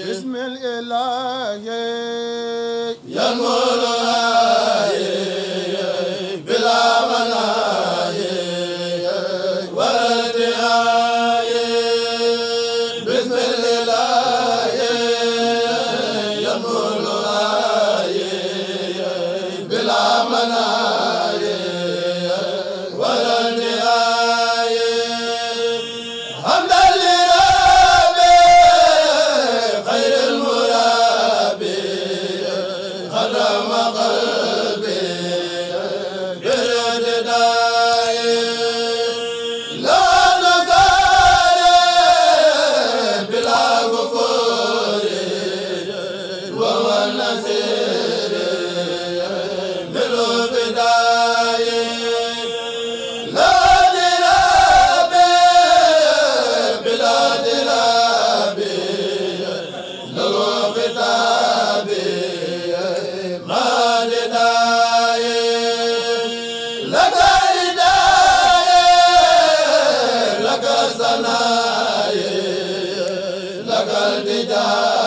بسم الإله يا مولانا البداية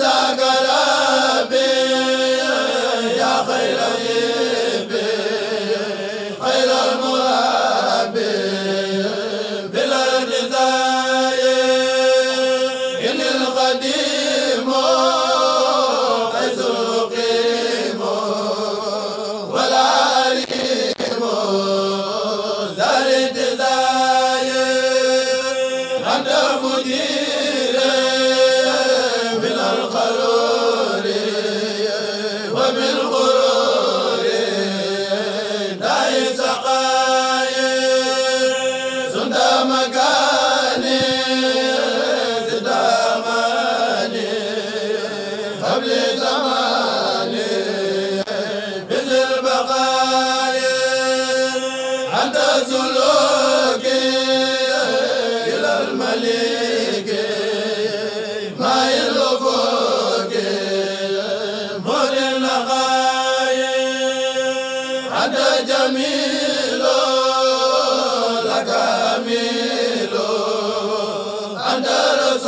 jazaaka la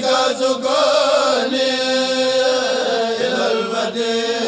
بك سكوني إلى المدينة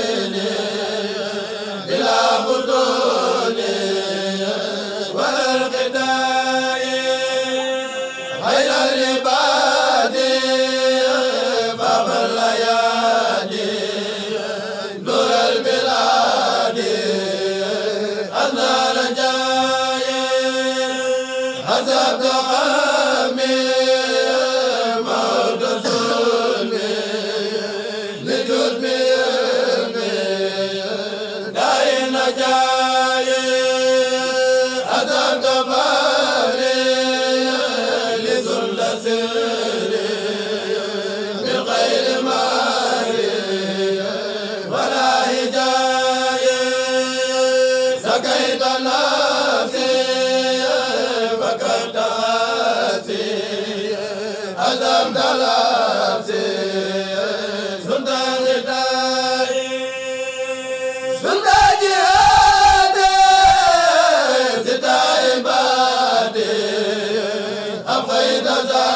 da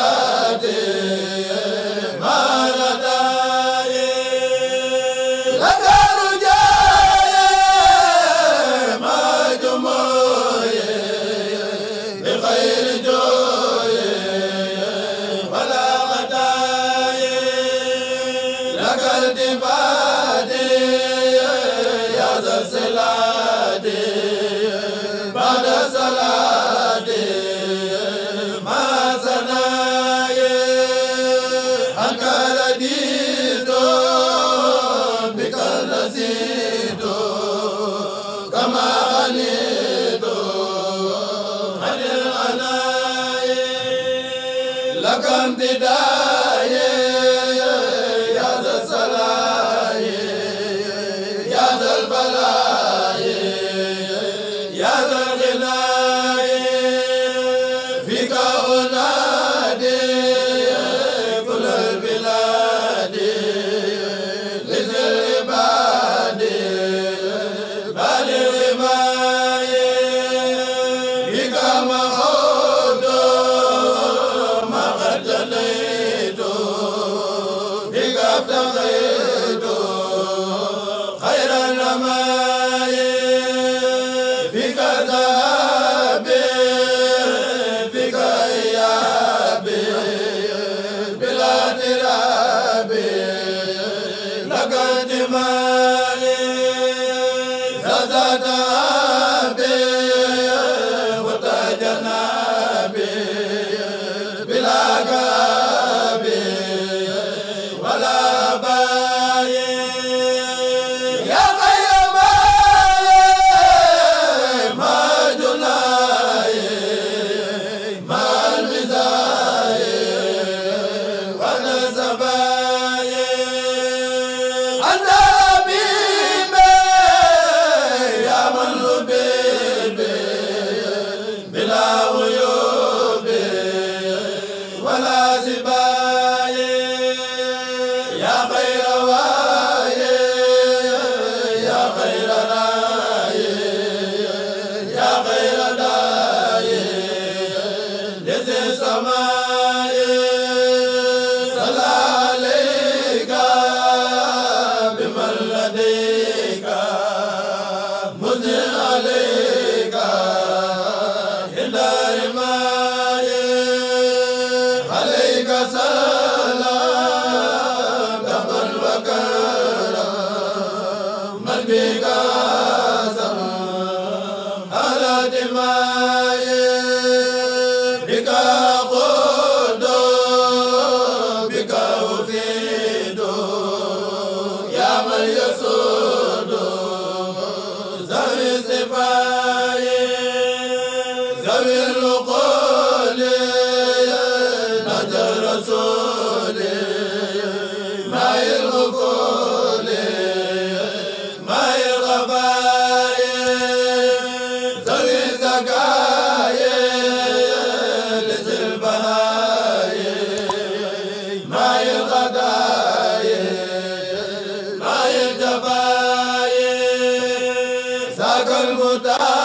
bi kama ta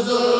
Rasul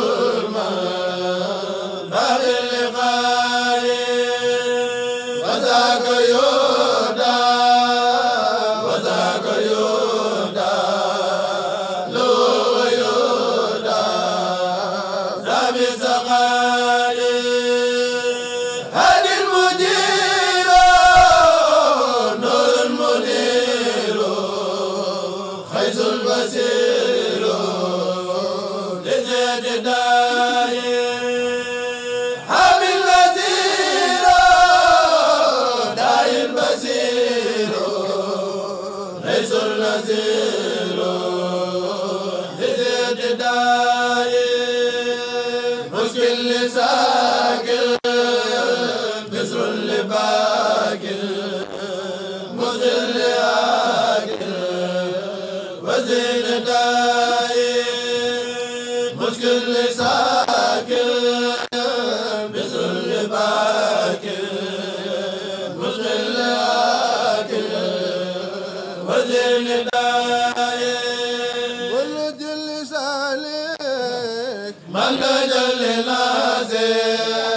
anta jalla lazim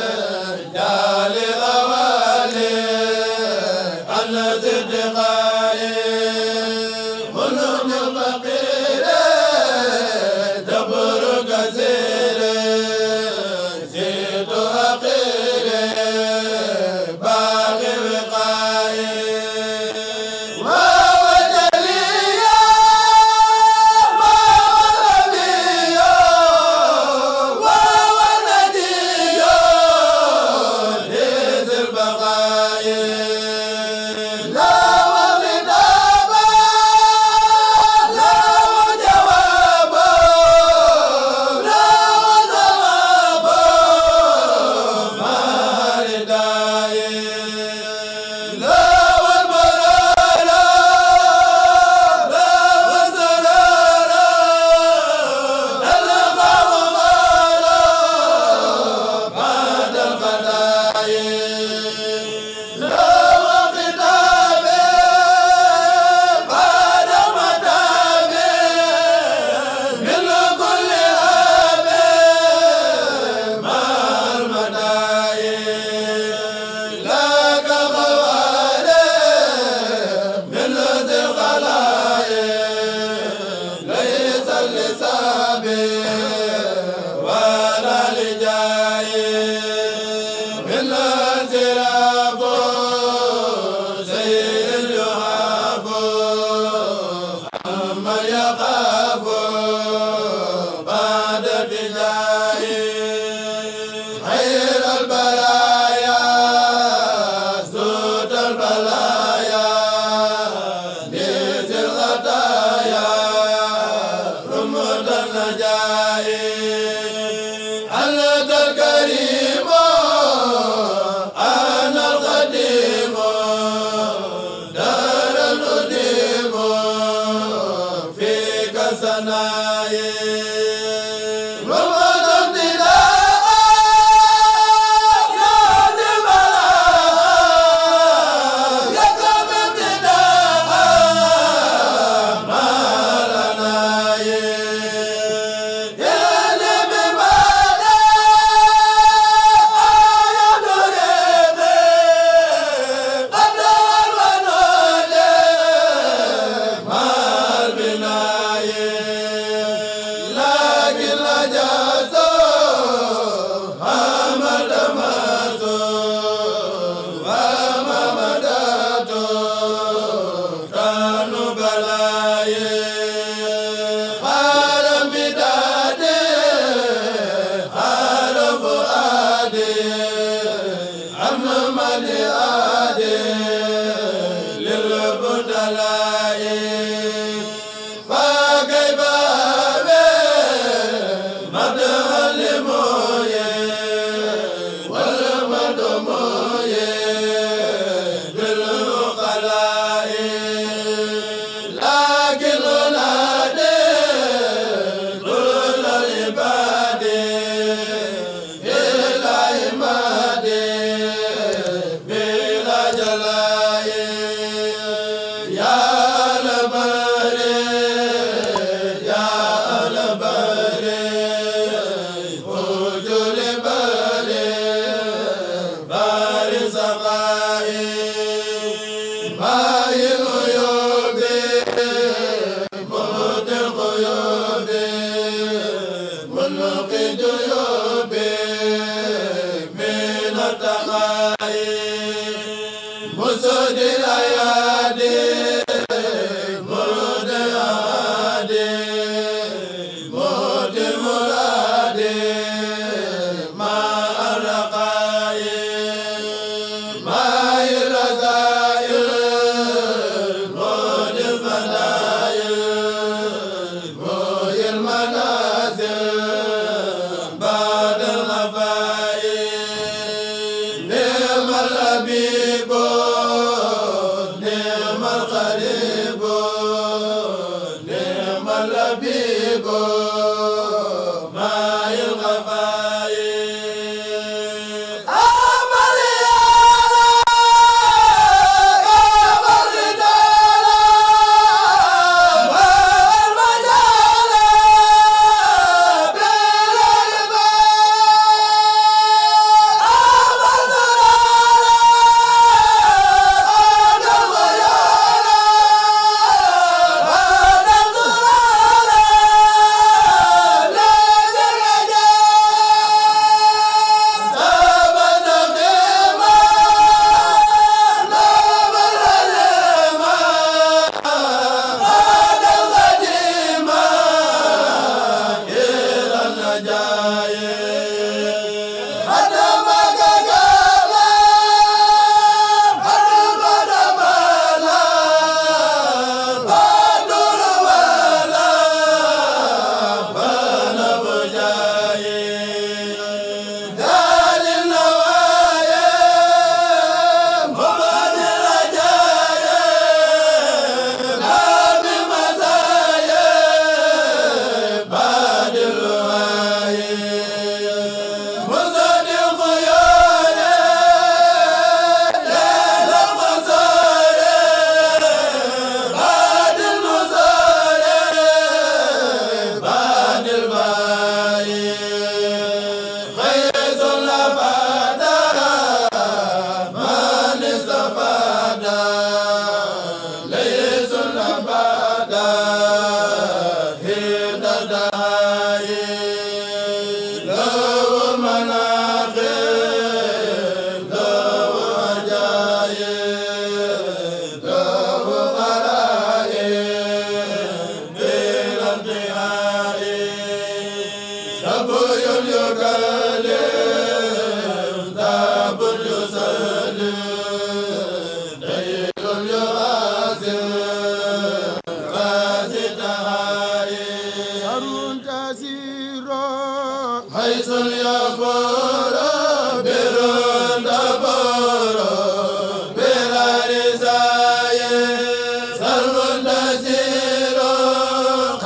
fa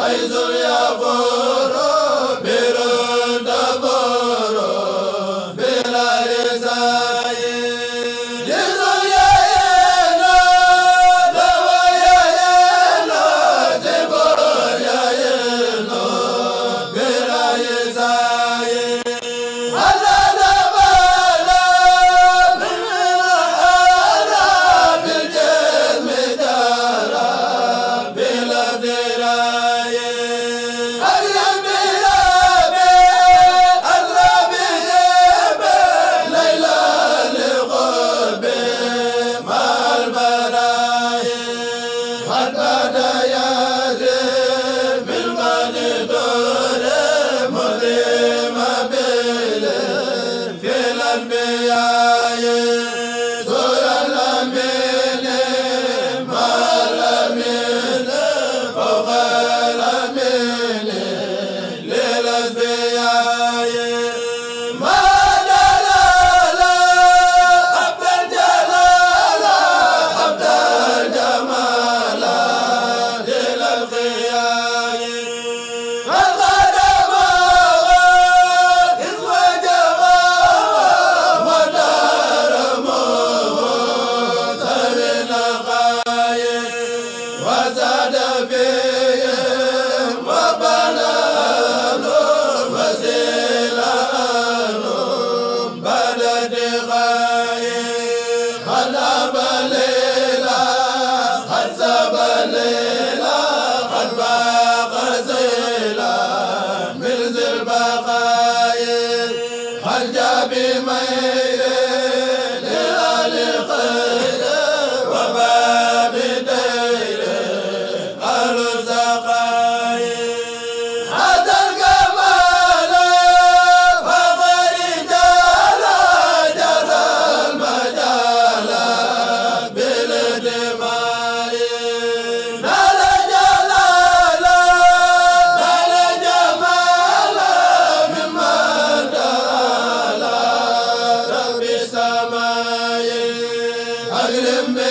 Haydır ya bu lëmbe